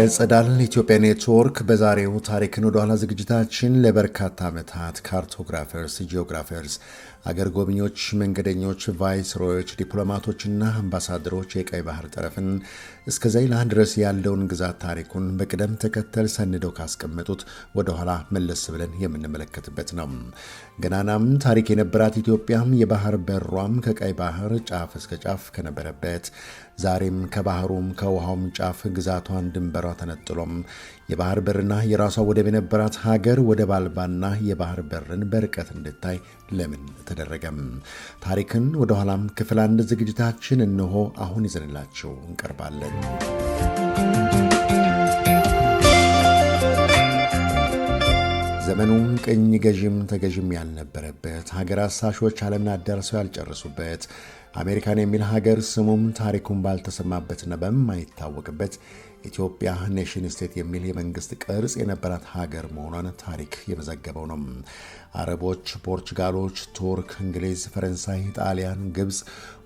የጸዳል ኢትዮጵያ ኔትወርክ በዛሬው ታሪክን ወደኋላ ዝግጅታችን ለበርካታ ዓመታት ካርቶግራፈርስ፣ ጂኦግራፈርስ፣ አገር ጎብኚዎች፣ መንገደኞች፣ ቫይስሮዮች፣ ዲፕሎማቶችና አምባሳደሮች የቀይ ባህር ጠረፍን እስከ ዛይላንድ ድረስ ያለውን ግዛት ታሪኩን በቅደም ተከተል ሰንደው ካስቀመጡት ወደኋላ መለስ ብለን የምንመለከትበት ነው። ገናናም ታሪክ የነበራት ኢትዮጵያም የባህር በሯም ከቀይ ባህር ጫፍ እስከ ጫፍ ከነበረበት ዛሬም ከባህሩም ከውሃውም ጫፍ ግዛቷን ድንበሯ ተነጥሎም የባህር በርና የራሷ ወደብ የነበራት ሀገር ወደብ አልባና የባህር በርን በርቀት እንድታይ ለምን ተደረገም? ታሪክን ወደኋላም ክፍል አንድ ዝግጅታችን እንሆ አሁን ይዘንላችሁ እንቀርባለን። ዘመኑም ቅኝ ገዥም ተገዥም ያልነበረበት ሀገር አሳሾች ዓለምን አዳርሰው ያልጨረሱበት አሜሪካን የሚል ሀገር ስሙም ታሪኩን ባልተሰማበትና በማይታወቅበት ኢትዮጵያ ኔሽን ስቴት የሚል የመንግስት ቅርጽ የነበራት ሀገር መሆኗን ታሪክ የመዘገበው ነው። አረቦች፣ ፖርቹጋሎች፣ ቱርክ፣ እንግሊዝ፣ ፈረንሳይ፣ ጣሊያን፣ ግብፅ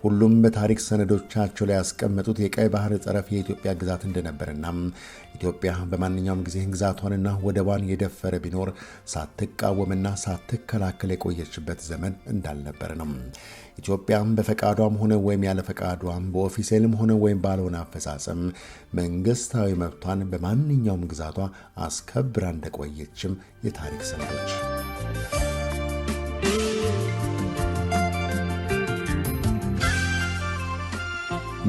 ሁሉም በታሪክ ሰነዶቻቸው ላይ ያስቀመጡት የቀይ ባህር ጠረፍ የኢትዮጵያ ግዛት እንደነበርና ኢትዮጵያ በማንኛውም ጊዜ ግዛቷንና ወደቧን የደፈረ ቢኖር ሳትቃወምና ሳትከላከል የቆየችበት ዘመን እንዳልነበር ነው። ኢትዮጵያም በፈቃዷም ሆነ ወይም ያለ ፈቃዷም በኦፊሴልም ሆነ ወይም ባልሆነ አፈጻጸም መንግስታዊ መብቷን በማንኛውም ግዛቷ አስከብራ እንደቆየችም የታሪክ ሰነዶች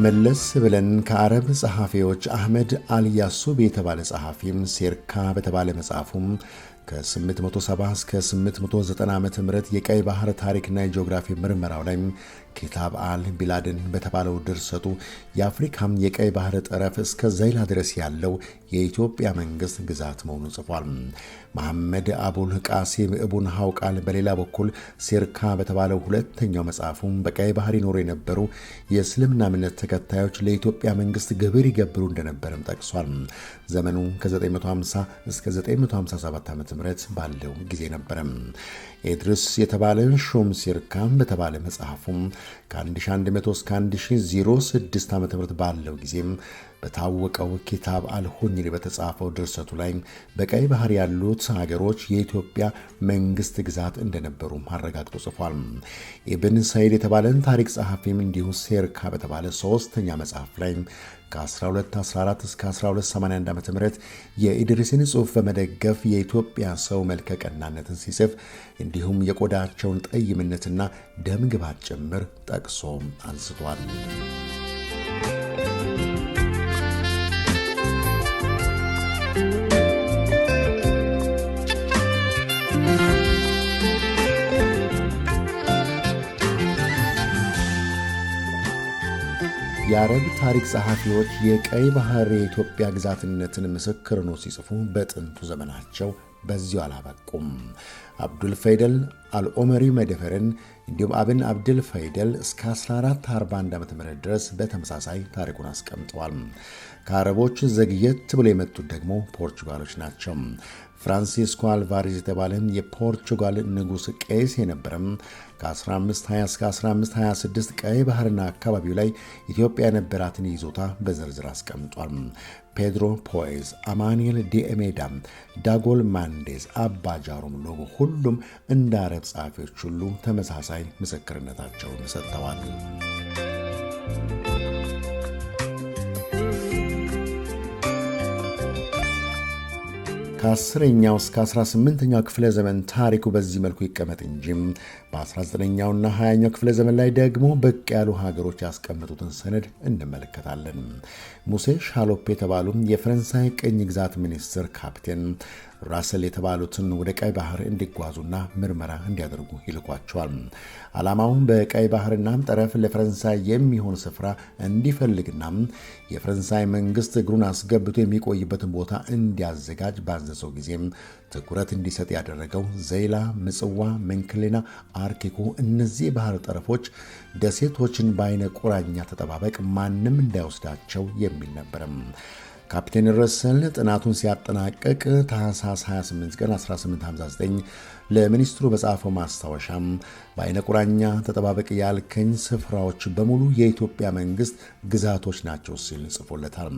መለስ ብለን ከአረብ ጸሐፊዎች አህመድ አልያሱብ የተባለ ጸሐፊም ሴርካ በተባለ መጽሐፉም ከ870 እስከ 890 ዓ ም የቀይ ባህር ታሪክና የጂኦግራፊ ምርመራው ላይ ኪታብ አል ቢላድን በተባለው ድርሰቱ የአፍሪካም የቀይ ባህር ጠረፍ እስከ ዘይላ ድረስ ያለው የኢትዮጵያ መንግስት ግዛት መሆኑ ጽፏል። መሐመድ አቡል ቃሲም እቡን ሐውቃል በሌላ በኩል ሲርካ በተባለው ሁለተኛው መጽሐፉም በቀይ ባህር ይኖሩ የነበሩ የእስልምና እምነት ተከታዮች ለኢትዮጵያ መንግስት ግብር ይገብሩ እንደነበርም ጠቅሷል። ዘመኑ ከ950 እስከ 957 ዓ ም ባለው ጊዜ ነበረም። ኤድርስ የተባለ ሾም ሲርካ በተባለ መጽሐፉም ከ1100 እስከ 1006 ዓ ም ባለው ጊዜም በታወቀው ኪታብ አልሆኝል በተጻፈው ድርሰቱ ላይ በቀይ ባህር ያሉት ሀገሮች የኢትዮጵያ መንግስት ግዛት እንደነበሩ አረጋግጦ ጽፏል። ኢብን ሰይድ የተባለን ታሪክ ጸሐፊም እንዲሁ ሴርካ በተባለ ሶስተኛ መጽሐፍ ላይ ከ1214 እስከ 1281 ዓ ም የኢድሪስን ጽሑፍ በመደገፍ የኢትዮጵያ ሰው መልከቀናነትን ሲጽፍ እንዲሁም የቆዳቸውን ጠይምነትና ደምግባት ጭምር ጠቅሶ አንስቷል። የአረብ ታሪክ ጸሐፊዎች የቀይ ባህር የኢትዮጵያ ግዛትነትን ምስክር ነው ሲጽፉ በጥንቱ ዘመናቸው በዚሁ አላበቁም። አብዱልፈይደል አልኦመሪ መደፈርን እንዲሁም አብን አብድልፈይደል እስከ 1441 ዓ.ም ድረስ በተመሳሳይ ታሪኩን አስቀምጠዋል። ከአረቦች ዘግየት ብሎ የመጡት ደግሞ ፖርቹጋሎች ናቸው። ፍራንሲስኮ አልቫሬዝ የተባለን የፖርቹጋል ንጉሥ ቄስ የነበረም ከ1520 እስከ 1526 ቀይ ባህርና አካባቢው ላይ ኢትዮጵያ የነበራትን ይዞታ በዝርዝር አስቀምጧል። ፔድሮ ፖኤዝ፣ አማኑኤል ዲኤሜዳ፣ ዳጎል ማንዴዝ፣ አባጃሮም ሎጎ ሁሉም እንደ አረብ ጸሐፊዎች ሁሉ ተመሳሳይ ምስክርነታቸውን ሰጥተዋል። ከ10ኛው እስከ 18ኛው ክፍለ ዘመን ታሪኩ በዚህ መልኩ ይቀመጥ እንጂ በ19ኛውና 20ኛው ክፍለ ዘመን ላይ ደግሞ ብቅ ያሉ ሀገሮች ያስቀመጡትን ሰነድ እንመለከታለን። ሙሴ ሻሎፕ የተባሉ የፈረንሳይ ቅኝ ግዛት ሚኒስትር ካፕቴን ራሰል የተባሉትን ወደ ቀይ ባህር እንዲጓዙና ምርመራ እንዲያደርጉ ይልኳቸዋል። ዓላማውን በቀይ ባህርና ጠረፍ ለፈረንሳይ የሚሆን ስፍራ እንዲፈልግና የፈረንሳይ መንግስት እግሩን አስገብቶ የሚቆይበትን ቦታ እንዲያዘጋጅ ባዘዘው ጊዜም ትኩረት እንዲሰጥ ያደረገው ዘይላ፣ ምጽዋ፣ መንክሌና፣ አርኪኩ እነዚህ ባህር ጠረፎች ደሴቶችን በአይነ ቁራኛ ተጠባበቅ ማንም እንዳይወስዳቸው የሚል ነበርም። ካፕቴን ረሰል ጥናቱን ሲያጠናቀቅ ታህሳስ 28 ቀን 1859 ለሚኒስትሩ በጻፈው ማስታወሻም በአይነ ቁራኛ ተጠባበቅ ያልከኝ ስፍራዎች በሙሉ የኢትዮጵያ መንግስት ግዛቶች ናቸው ሲል ጽፎለታል።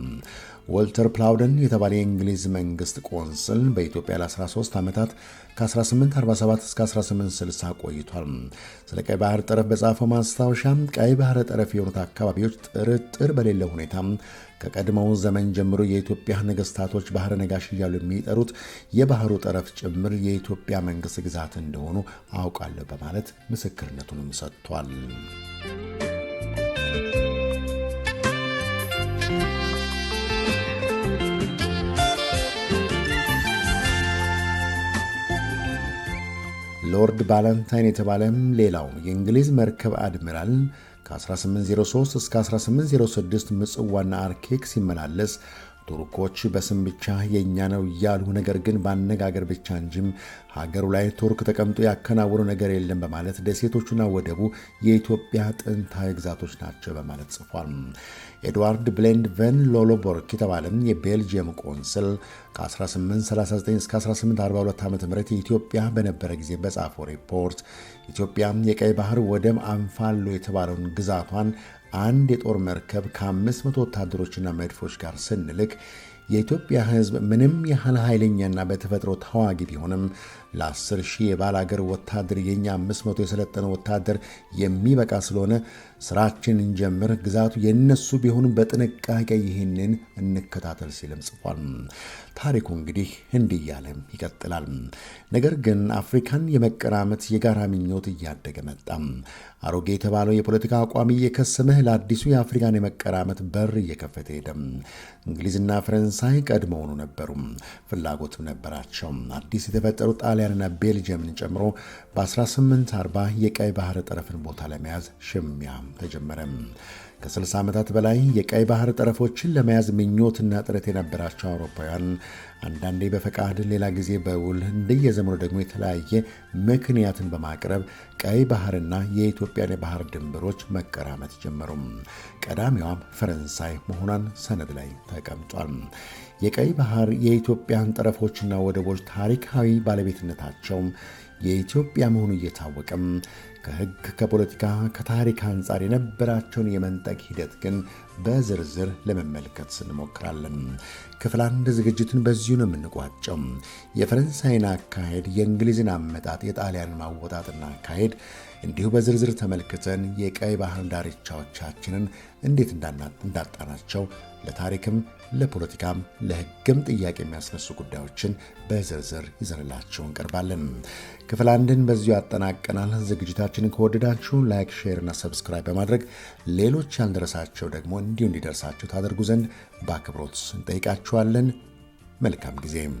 ወልተር ፕላውደን የተባለ የእንግሊዝ መንግስት ቆንስል በኢትዮጵያ ለ13 ዓመታት ከ1847 እስከ 1860 ቆይቷል። ስለ ቀይ ባህር ጠረፍ በጻፈው ማስታወሻ ቀይ ባህር ጠረፍ የሆኑት አካባቢዎች ጥርጥር በሌለ ሁኔታ ከቀድሞው ዘመን ጀምሮ የኢትዮጵያ ነገስታቶች ባህረ ነጋሽ እያሉ የሚጠሩት የባህሩ ጠረፍ ጭምር የኢትዮጵያ መንግስት ግዛት እንደሆኑ አውቃለሁ በማለት ምስክርነቱንም ሰጥቷል። ሎርድ ባለንታይን የተባለም ሌላው የእንግሊዝ መርከብ አድሚራል ከ1803 እስከ 1806 ምጽዋና አርኬክ ሲመላለስ ቱርኮች በስም ብቻ የእኛ ነው እያሉ ነገር ግን በአነጋገር ብቻ እንጂም ሀገሩ ላይ ቱርክ ተቀምጦ ያከናወኑ ነገር የለም በማለት ደሴቶቹና ወደቡ የኢትዮጵያ ጥንታዊ ግዛቶች ናቸው በማለት ጽፏል። ኤድዋርድ ብሌንድ ቨን ሎሎቦርክ የተባለም የቤልጅየም ቆንስል ከ1839 እስከ 1842 ዓ ም ኢትዮጵያ በነበረ ጊዜ በጻፈው ሪፖርት ኢትዮጵያ የቀይ ባህር ወደብ አንፋሎ የተባለውን ግዛቷን አንድ የጦር መርከብ ከ500 ወታደሮችና መድፎች ጋር ስንልክ የኢትዮጵያ ሕዝብ ምንም ያህል ኃይለኛና በተፈጥሮ ታዋጊ ቢሆንም ለ10 ሺህ የባላገር ወታደር የኛ 500 የሰለጠነ ወታደር የሚበቃ ስለሆነ ስራችን እንጀምር፣ ግዛቱ የነሱ ቢሆንም በጥንቃቄ ይህንን እንከታተል ሲልም ጽፏል። ታሪኩ እንግዲህ እንዲህ እያለ ይቀጥላል። ነገር ግን አፍሪካን የመቀራመት የጋራ ምኞት እያደገ መጣ። አሮጌ የተባለው የፖለቲካ አቋም እየከሰመ ለአዲሱ የአፍሪካን የመቀራመት በር እየከፈተ ሄደ። እንግሊዝና ፈረንሳይ ቀድሞውኑ ነበሩ፣ ፍላጎትም ነበራቸው። አዲስ የተፈጠሩ ጣሊያንና ቤልጅየምን ጨምሮ በ1840 የቀይ ባህር ጠረፍን ቦታ ለመያዝ ሽሚያ ተጀመረም። ከ60 ዓመታት በላይ የቀይ ባህር ጠረፎችን ለመያዝ ምኞትና ጥረት የነበራቸው አውሮፓውያን አንዳንዴ በፈቃድ ሌላ ጊዜ በውል እንደየዘመኑ ደግሞ የተለያየ ምክንያትን በማቅረብ ቀይ ባህርና የኢትዮጵያን የባህር ድንበሮች መቀራመት ጀመሩም። ቀዳሚዋም ፈረንሳይ መሆኗን ሰነድ ላይ ተቀምጧል። የቀይ ባህር የኢትዮጵያን ጠረፎችና ወደቦች ታሪካዊ ባለቤትነታቸው የኢትዮጵያ መሆኑ እየታወቀም ከሕግ ከፖለቲካ፣ ከታሪክ አንጻር የነበራቸውን የመንጠቅ ሂደት ግን በዝርዝር ለመመልከት እንሞክራለን። ክፍል አንድ ዝግጅትን በዚሁ ነው የምንቋጨው። የፈረንሳይን አካሄድ፣ የእንግሊዝን አመጣጥ፣ የጣሊያን ማወጣትና አካሄድ እንዲሁ በዝርዝር ተመልክተን የቀይ ባህር ዳርቻዎቻችንን እንዴት እንዳጣናቸው ለታሪክም ለፖለቲካም ለሕግም ጥያቄ የሚያስነሱ ጉዳዮችን በዝርዝር ይዘንላችሁ እንቀርባለን። ክፍል አንድን በዚሁ ያጠናቀናል። ዝግጅታችንን ከወደዳችሁ ላይክ፣ ሼር እና ሰብስክራይብ በማድረግ ሌሎች ያልደረሳቸው ደግሞ እንዲሁ እንዲደርሳቸው ታደርጉ ዘንድ በአክብሮት እንጠይቃችኋለን። መልካም ጊዜም